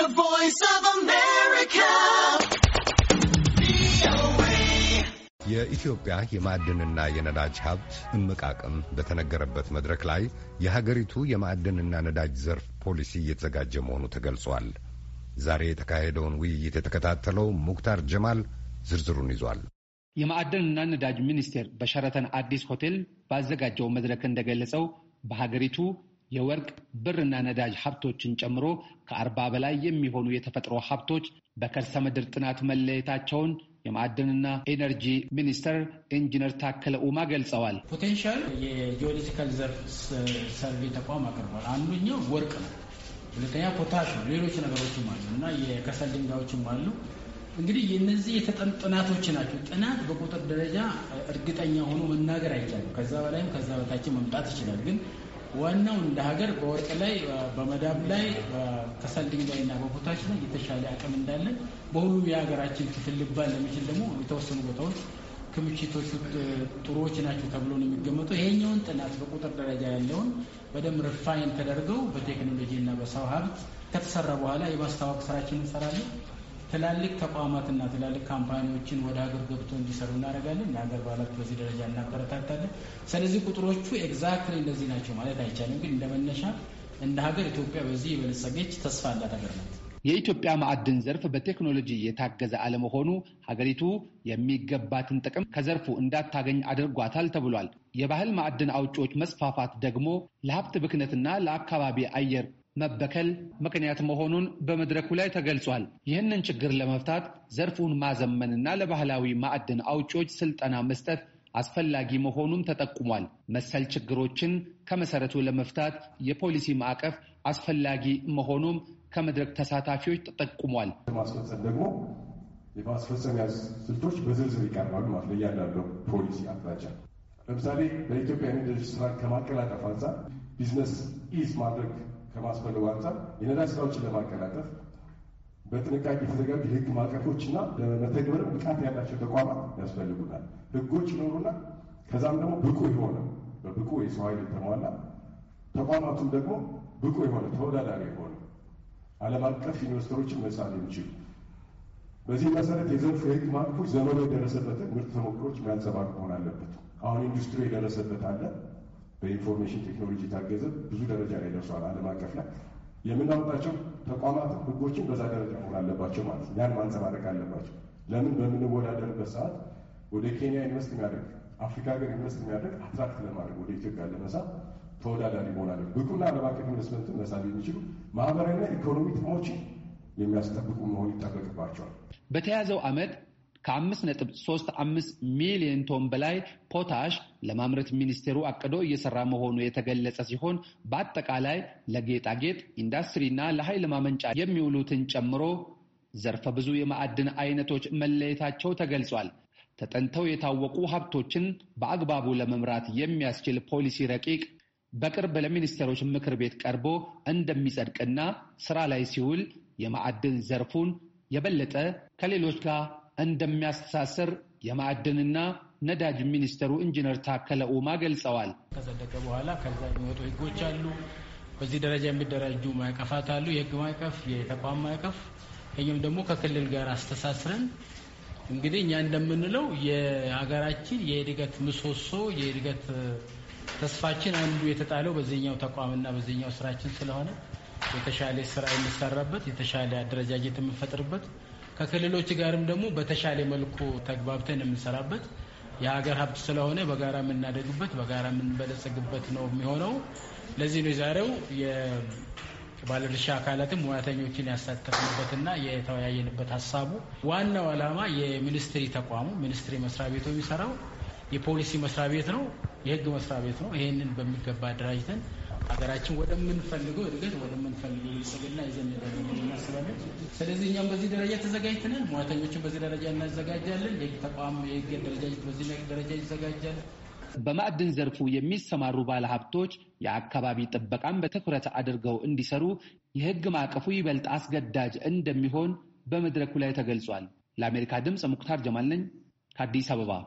The Voice of America. የኢትዮጵያ የማዕድንና የነዳጅ ሀብት እምቅ አቅም በተነገረበት መድረክ ላይ የሀገሪቱ የማዕድንና ነዳጅ ዘርፍ ፖሊሲ እየተዘጋጀ መሆኑ ተገልጿል። ዛሬ የተካሄደውን ውይይት የተከታተለው ሙክታር ጀማል ዝርዝሩን ይዟል። የማዕድንና ነዳጅ ሚኒስቴር በሸረተን አዲስ ሆቴል ባዘጋጀው መድረክ እንደገለጸው በሀገሪቱ የወርቅ ብርና ነዳጅ ሀብቶችን ጨምሮ ከአርባ በላይ የሚሆኑ የተፈጥሮ ሀብቶች በከርሰ ምድር ጥናት መለየታቸውን የማዕድንና ኤነርጂ ሚኒስተር ኢንጂነር ታከለ ኡማ ገልጸዋል። ፖቴንሻል የጂኦሎጂካል ዘርፍ ሰርቬ ተቋም አቅርቧል። አንዱኛው ወርቅ ነው። ሁለተኛ ፖታሽ ነው። ሌሎች ነገሮችም አሉ እና የከሰል ድንጋዮችም አሉ። እንግዲህ የነዚህ የተጠኑ ጥናቶች ናቸው። ጥናት በቁጥር ደረጃ እርግጠኛ ሆኖ መናገር አይቻልም። ከዛ በላይም ከዛ በታችን መምጣት ይችላል ግን ዋናው እንደ ሀገር በወርቅ ላይ በመዳብ ላይ በከሰል ድንጋይ እና በፖታሽ ላይ የተሻለ አቅም እንዳለን በሁሉም የሀገራችን ክፍል ልባል ለሚችል ደግሞ የተወሰኑ ቦታዎች ክምችቶቹ ጥሩዎች ናቸው ተብሎ ነው የሚገመጡ። ይሄኛውን ጥናት በቁጥር ደረጃ ያለውን በደንብ ርፋይን ተደርገው በቴክኖሎጂ እና በሰው ሀብት ከተሰራ በኋላ የማስታወቅ ስራችን እንሰራለን። ትላልቅ ተቋማትና ትላልቅ ካምፓኒዎችን ወደ ሀገር ገብቶ እንዲሰሩ እናደርጋለን። የሀገር ባላት በዚህ ደረጃ እናበረታታለን። ስለዚህ ቁጥሮቹ ኤግዛክትሊ እንደዚህ ናቸው ማለት አይቻልም፣ ግን እንደመነሻ እንደ ሀገር ኢትዮጵያ በዚህ የበለጸገች ተስፋ አላት ሀገር ናት። የኢትዮጵያ ማዕድን ዘርፍ በቴክኖሎጂ የታገዘ አለመሆኑ ሀገሪቱ የሚገባትን ጥቅም ከዘርፉ እንዳታገኝ አድርጓታል ተብሏል። የባህል ማዕድን አውጪዎች መስፋፋት ደግሞ ለሀብት ብክነትና ለአካባቢ አየር መበከል ምክንያት መሆኑን በመድረኩ ላይ ተገልጿል። ይህንን ችግር ለመፍታት ዘርፉን ማዘመንና ለባህላዊ ማዕድን አውጪዎች ስልጠና መስጠት አስፈላጊ መሆኑም ተጠቁሟል። መሰል ችግሮችን ከመሰረቱ ለመፍታት የፖሊሲ ማዕቀፍ አስፈላጊ መሆኑም ከመድረክ ተሳታፊዎች ተጠቁሟል። ማስፈጸም ደግሞ የማስፈጸሚያ ስልቶች በዝርዝር ይቀርባሉ ማለት ለእያንዳንዱ ፖሊሲ አቅጣጫ ለምሳሌ በኢትዮጵያ ኢንዱስትሪ ስራ ከማቀላጠፍ አንጻር ቢዝነስ ኢዝ ማድረግ ከማስፈለጉ አንጻር የነዳጅ ስራዎችን ለማቀላጠፍ በጥንቃቄ የተዘጋጁ የህግ ማዕቀፎችና ለመተግበር ብቃት ያላቸው ተቋማት ያስፈልጉናል። ህጎች ይኖሩና ከዛም ደግሞ ብቁ የሆነ በብቁ የሰው ኃይል የተሟላ ተቋማቱም ደግሞ ብቁ የሆነ ተወዳዳሪ የሆነ ዓለም አቀፍ ኢንቨስተሮችን መሳብ የሚችሉ በዚህ መሰረት የዘርፉ የህግ ማዕቀፎች ዘመኑ የደረሰበትን ምርት ተሞክሮች የሚያንጸባርቅ መሆን አለበት። አሁን ኢንዱስትሪ የደረሰበት አለ በኢንፎርሜሽን ቴክኖሎጂ የታገዘ ብዙ ደረጃ ላይ ደርሷል። ዓለም አቀፍ ላይ የምናወጣቸው ተቋማት ህጎችን በዛ ደረጃ መሆን አለባቸው ማለት ያን ማንጸባረቅ አለባቸው። ለምን በምንወዳደርበት ሰዓት ወደ ኬንያ ኢንቨስት የሚያደርግ አፍሪካ ሀገር ኢንቨስት የሚያደርግ አትራክት ለማድረግ ወደ ኢትዮጵያ ለመሳ ተወዳዳሪ መሆን አለ። ብቁና ዓለም አቀፍ ኢንቨስትመንት መሳብ የሚችሉ ማህበራዊና ኢኮኖሚ ጥቅሞችን የሚያስጠብቁ መሆን ይጠበቅባቸዋል። በተያዘው ዓመት ከ5.35 ሚሊዮን ቶን በላይ ፖታሽ ለማምረት ሚኒስቴሩ አቅዶ እየሰራ መሆኑ የተገለጸ ሲሆን በአጠቃላይ ለጌጣጌጥ ኢንዱስትሪና ለኃይል ማመንጫ የሚውሉትን ጨምሮ ዘርፈ ብዙ የማዕድን አይነቶች መለየታቸው ተገልጿል። ተጠንተው የታወቁ ሀብቶችን በአግባቡ ለመምራት የሚያስችል ፖሊሲ ረቂቅ በቅርብ ለሚኒስቴሮች ምክር ቤት ቀርቦ እንደሚጸድቅና ስራ ላይ ሲውል የማዕድን ዘርፉን የበለጠ ከሌሎች ጋር እንደሚያስተሳስር የማዕድንና ነዳጅ ሚኒስተሩ ኢንጂነር ታከለ ኡማ ገልጸዋል። ከጸደቀ በኋላ ከዛ የሚወጡ ህጎች አሉ። በዚህ ደረጃ የሚደራጁ ማዕቀፋት አሉ። የህግ ማዕቀፍ፣ የተቋም ማዕቀፍ። እኛም ደግሞ ከክልል ጋር አስተሳስረን እንግዲህ እኛ እንደምንለው የሀገራችን የእድገት ምሰሶ የእድገት ተስፋችን አንዱ የተጣለው በዚህኛው ተቋምና በዚህኛው ስራችን ስለሆነ የተሻለ ስራ የምሰራበት የተሻለ አደረጃጀት የምፈጥርበት ከክልሎች ጋርም ደግሞ በተሻለ መልኩ ተግባብተን የምንሰራበት የሀገር ሀብት ስለሆነ በጋራ የምናደግበት በጋራ የምንበለጸግበት ነው የሚሆነው። ለዚህ ነው የዛሬው የባለድርሻ አካላትም ሙያተኞችን ያሳተፍንበትና የተወያየንበት ሀሳቡ ዋናው ዓላማ የሚኒስትሪ ተቋሙ ሚኒስትሪ መስሪያ ቤቱ የሚሰራው የፖሊሲ መስሪያ ቤት ነው፣ የህግ መስሪያ ቤት ነው። ይህንን በሚገባ አደራጅተን ሀገራችን ወደምንፈልገው እድገት ወደምንፈልገው ብልጽግና ይዘን እናስባለን። ስለዚህ እኛም በዚህ ደረጃ ተዘጋጅተናል። ሙያተኞችን በዚህ ደረጃ እናዘጋጃለን። የህግ ተቋም የህግ አደረጃጀት በዚህ ደረጃ ይዘጋጃል። በማዕድን ዘርፉ የሚሰማሩ ባለሀብቶች የአካባቢ ጥበቃን በትኩረት አድርገው እንዲሰሩ የህግ ማዕቀፉ ይበልጥ አስገዳጅ እንደሚሆን በመድረኩ ላይ ተገልጿል። ለአሜሪካ ድምፅ ሙክታር ጀማል ነኝ ከአዲስ አበባ።